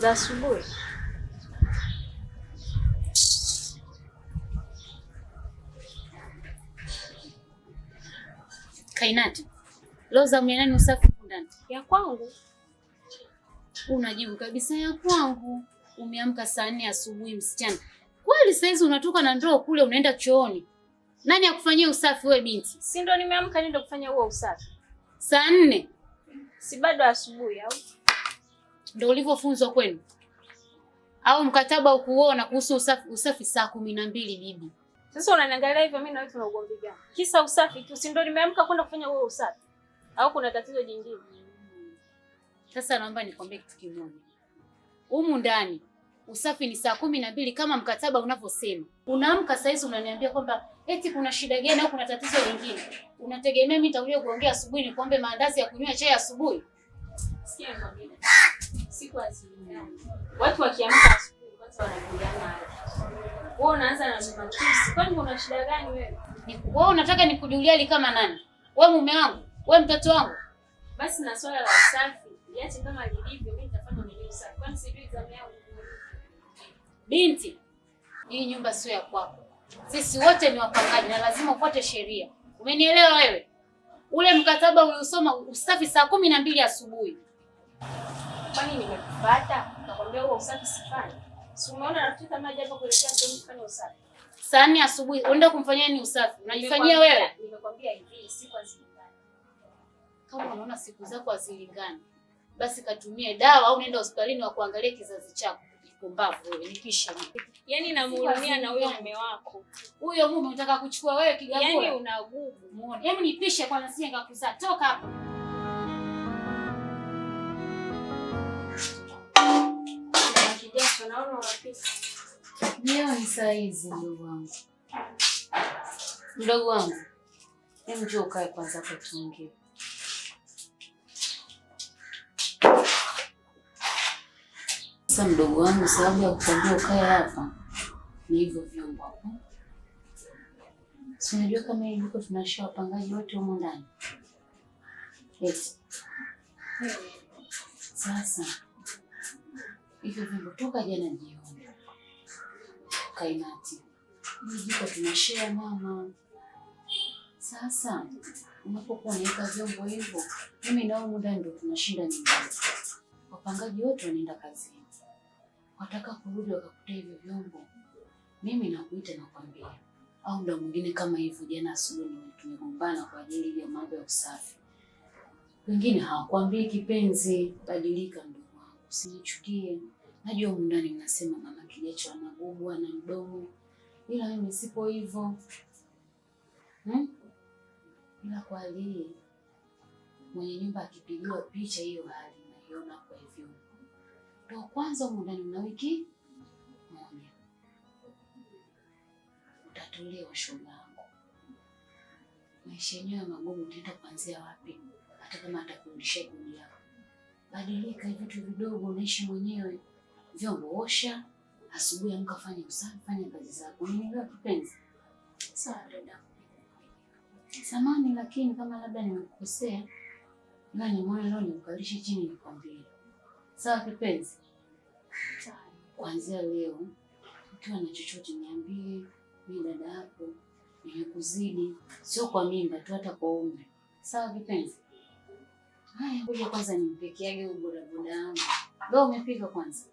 za asubuhi. Kainati, leo zamu ya nani usafi ndani? Ya kwangu. Unajibu kabisa ya kwangu. Umeamka saa nne asubuhi msichana. Kweli saizi unatoka na ndoo kule unaenda chooni. Nani akufanyia usafi wewe binti? Si ndo nimeamka nenda kufanya huo usafi. Saa nne. Si bado asubuhi au? Ndio ulivyofunzwa kwenu au mkataba ukuona kuhusu usafi? Usafi saa kumi na mbili bibi. Sasa unaniangalia hivyo, mimi na wewe tuna ugomvi gani? Kisa usafi tu, si ndio? Nimeamka kwenda kufanya wewe usafi au kuna tatizo jingine? Sasa naomba nikwambie kitu kimoja, humu ndani usafi ni saa kumi na mbili kama mkataba unavyosema. Unaamka saa hizi unaniambia kwamba eti kuna shida gani au kuna tatizo lingine? Unategemea mimi nitakuja kuongea asubuhi, nikuombe maandazi ya kunywa chai asubuhi? Sikia siku azilingani. Watu wakiamka asubuhi kwanza wanakuliana wewe unaanza na mapenzi Kwani una shida gani wewe? Wewe unataka nikujulia hali kama nani? Wewe mume wangu, wewe mtoto wangu. Basi na swala la usafi, niache kama lilivyo, mimi nitafanya mwenyewe usafi. Kwani sivyo zamu yangu? Binti, hii nyumba sio ya kwako. Sisi wote ni wapangaji na lazima ufuate sheria. Umenielewa wewe? Ule mkataba uliosoma usafi saa kumi na mbili asubuhi kwani nimekupata Nakwambia huo usafi sifanye. Si umeona nataka maji hapo kuelekea sehemu kufanya usafi. Sani asubuhi unaenda kumfanyia ni usafi. Unajifanyia wewe? Nimekwambia hivi siku hazilingani. Kama unaona siku zako hazilingani, basi katumie dawa au nenda hospitalini wa kuangalia kizazi chako. Pumbavu wewe nikisha. Yaani namhurumia na huyo mume wako. Huyo mume unataka kuchukua wewe kigagula. Yaani una gugu. Muone. Hebu nipishe kwa nasije nikakuzaa. Toka hapa. Wanaona wapika. Jioni saa hizi mdogo wangu. Mdogo wangu. Hem, njoo ukae kwanza kwa tuongee. Sasa mdogo wangu, sababu ya kukwambia ukae hapa ni hivyo vyombo hapo. Si unajua kama hili jiko tunasha wapangaji wote humu ndani. Yes. Hmm. Sasa hivyo vyombo toka jana jioni. Kainati jiko tunashare mama. Sasa unapokuwa unaweka vyombo hivyo, mimi nao muda ndio tunashinda nyumbani, wapangaji wote wanaenda kazini, wataka kurudi wakakuta hivyo vyombo, mimi nakuita na kwambia, au muda mwingine kama hivyo. Jana asubuhi tumegombana kwa ajili ya mambo ya usafi, wengine hawakwambii kipenzi, badilika ndio usinichukie. Najua undani mnasema mama kijacho ana gubu ana mdomo, ila mimi sipo hivyo hmm? Ila kwa hali mwenye nyumba akipigiwa picha hiyo hali naiona kwa hivyo, ndo kwanza mundani mna wiki moja, utatolewa shoga yangu. Maisha yenyewe magumu, utaenda kuanzia wapi? Hata kama atakurudishia gubu yako badilika vitu vidogo, unaishi mwenyewe, vyombo osha, asubuhi amka, fanya usafi, fanya kazi zako. Unielewa kipenzi? Sawa dada. Samani, lakini kama labda nimekukosea, nani mwana leo nimkalishe chini nikwambie. Sawa kipenzi? Sawa. Kuanzia leo ukiwa na chochote niambie, mimi dada yako nimekuzidi, sio kwa mimba tu, hata kwa umri. Sawa kipenzi? Ngoja kwanza nimpekeage huyu bodaboda wangu. Wewe umepika kwanza?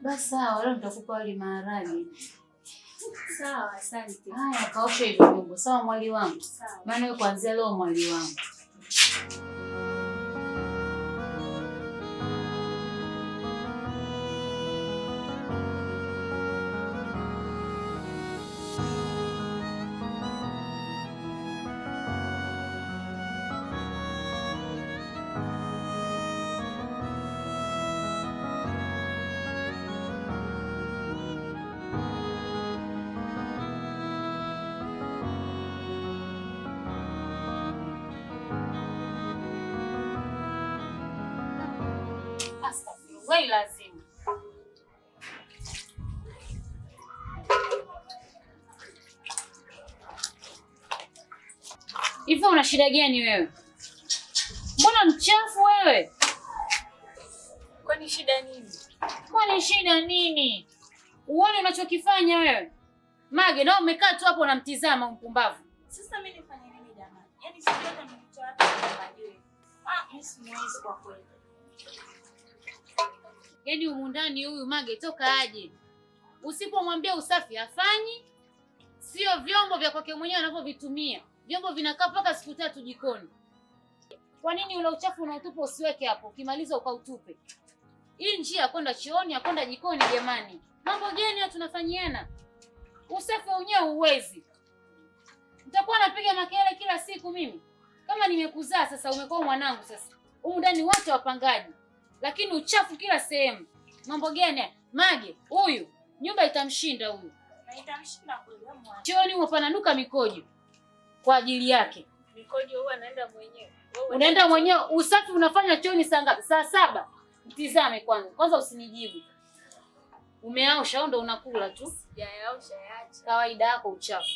Basi sawa, leo nitakupa wali maharage. Sawa, asante. Haya, kaosha hivyo vyombo. Sawa mwali wangu. Maana wewe kwanzia leo mwali wangu. Wai lazima hivyo. Una shida gani wewe? Mbona mchafu wewe? Kwani shida nini? Kwani shida nini? Uone unachokifanya wewe Mage, na umekaa tu hapo unamtizama mpumbavu. Sasa mimi nifanye nini jamani? Yaani sijaona mtoto wake. Ah, mimi simuwezi kwa kweli. Yaani humu ndani huyu mage toka aje, usipomwambia usafi hafanyi, sio vyombo vya kwake mwenyewe anavyovitumia, vyombo vinakaa mpaka siku tatu jikoni. Kwa nini ule uchafu unaotupa usiweke hapo, ukimaliza ukautupe? Hii njia ya kwenda chooni, ya kwenda jikoni, jamani, mambo gani hayo tunafanyiana? Usafi wenyewe uwezi, nitakuwa napiga makelele kila siku mimi? Kama nimekuzaa sasa, umekuwa mwanangu sasa, humu ndani wote wapangaji lakini uchafu kila sehemu. Mambo gani? Maji huyu nyumba itamshinda huyu, chooni huo pananuka mikojo kwa ajili yake. Mikojo huwa anaenda mwenyewe, unaenda mwenyewe. Usafi unafanya chooni saa ngapi? Saa saba. Mtizame kwanza kwanza, usinijibu. Umeaosha au ndo unakula tu? Kawaida yako uchafu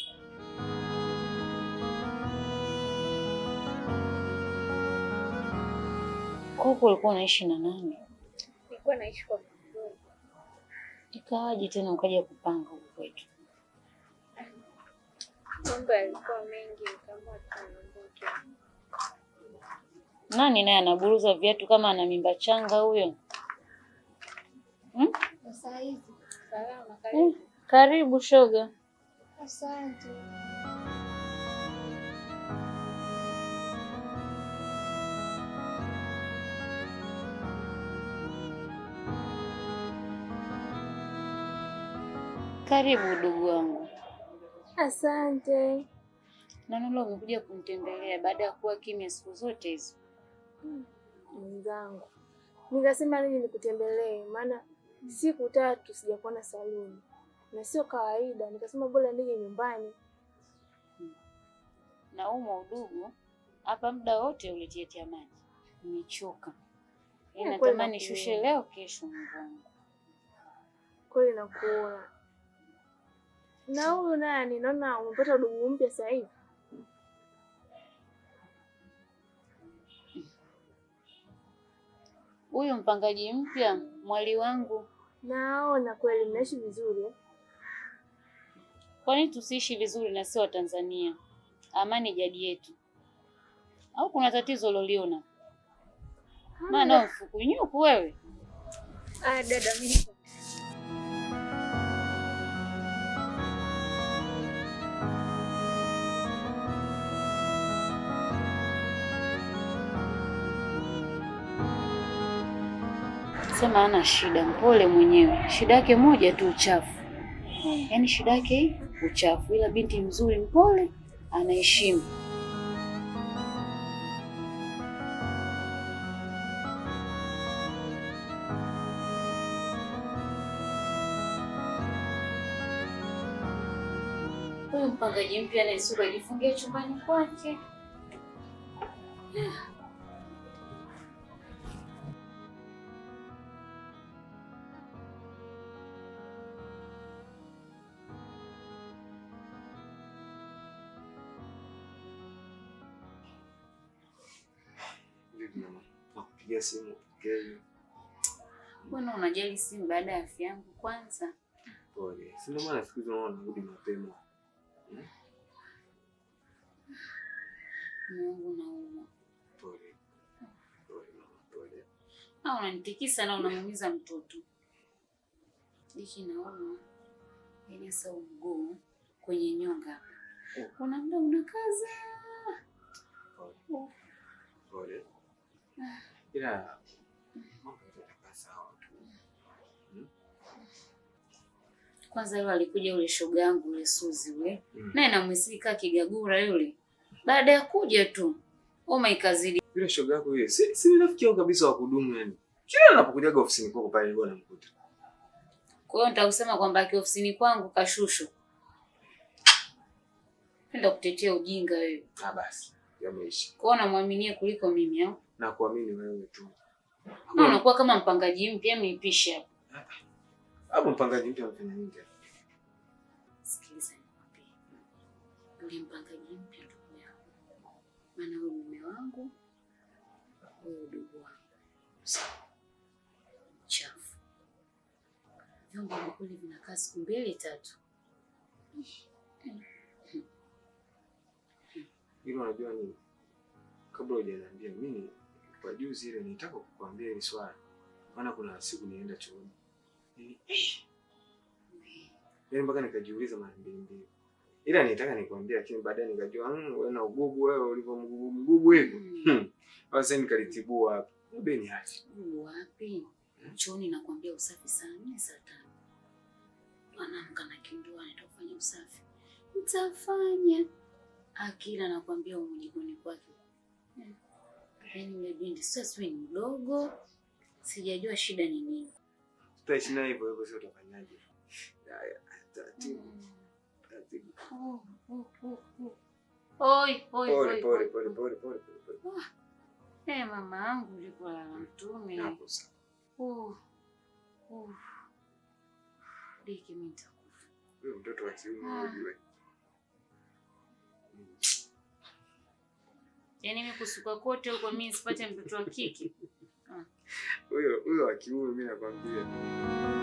huku ulikuwa unaishi na nani? Nilikuwa naishi kwa mjomba. Ikawaje tena ukaja kupanga huko kwetu? Mambo yalikuwa mengi kama tuondoke. Nani naye anaburuza viatu kama ana mimba changa huyo? Hmm? Salama, karibu. Hmm, karibu shoga. Asante. Karibu udugu wangu. Asante. Nanula, umekuja kumtembelea baada ya kuwa kimya siku zote hizo. Hmm, mwenzangu, hmm, nikasema nini nikutembelee, maana siku tatu sijakuona saluni na sio kawaida, nikasema bora nije nyumbani. Hmm. Na umo udugu hapa muda wote ulitietea maji, nimechoka. Natamani shushe leo, kesho mwenzangu Kweli nakuona na huyu nani, naona umepata udugu mpya sasa hivi. Huyu mpangaji mpya mwali wangu, naona kweli mnaishi vizuri. Kwani tusiishi vizuri na sio Watanzania? Amani jadi yetu, au kuna tatizo loliona? Maana mfukunyuku wewe. Ah, dada mimi anasema hana shida, mpole mwenyewe, shida yake moja tu uchafu. Yaani shida yake uchafu, ila binti mzuri, mpole, anaheshimu. mpangaji mpya anaisuka jifungia chumbani kwake. Pigia simu kesho. Mbona unajali simu baada ya afya yangu kwanza? Pole. Si ndio maana siku hizi naona narudi mapema. Hmm? Mungu nauma. Pole. Pole mama, pole. Ah, unanitikisa na unamuumiza mtoto. Dishi nauma. Yaani sawa mguu kwenye nyonga. Kuna oh. muda unakaza. Pole. Oh. Pole. Ah ila mambo yatakaa sawa tu. Hmm? Kwanza yule alikuja yule shoga yangu yule Suzi yule. Mm. Naye namwisika kigagura yule. Baada ya kuja tu oma ikazidi. Yule shoga yako yule si, si rafiki yako kabisa wa kudumu yani. Kila anapokuja ofisini kwako pale ndio anamkuta. Kwa hiyo nitakusema kwamba aki ofisini kwangu kashushu. Penda kutetea ujinga wewe. Ah basi. Yameisha. Kwa hiyo namwaminie kuliko mimi au? na kuamini wewe tu. Unakuwa kama mpangaji mpya mnipishe hapo. Hapo mpangaji mpya anafanya nini Sikiliza nikwambie. Yule mpangaji mpya ndugu yangu. Maana wewe mume wangu, wewe udugu wangu. Chafu. Vyombo vya kule vinakaa siku mbili tatu. Hilo unajua nini? Kabla hujaniambia mimi kwa juzi ile nitaka kukuambia hili swali. maana kuna siku nienda chooni yaani mpaka nikajiuliza mara mbili mbili, ila nitaka nikwambia, lakini baadaye nikajua mm, wewe na ugugu wewe ulivyo mgugu mgugu hivi. Hmm. Hmm. Sasa nikalitibua hapa beni hati wapi hmm? chooni, nakwambia usafi saa nne saa tano anaamka na kindoa, nitafanya usafi, nitafanya akila, nakwambia umjikoni kwa yule yaani binti sio ni mdogo, sijajua shida ni nini. Tutaishi naye hivyo hivyo, sio? Utafanyaje? Eh, mama yangu yuko la mtume oh, oh. mtoto wa kiume ah. unajua. Mm. Yaani mimi kusuka kote huko mimi sipate mtoto wa kike. Huyo huyo wa kiume mimi nakwambia.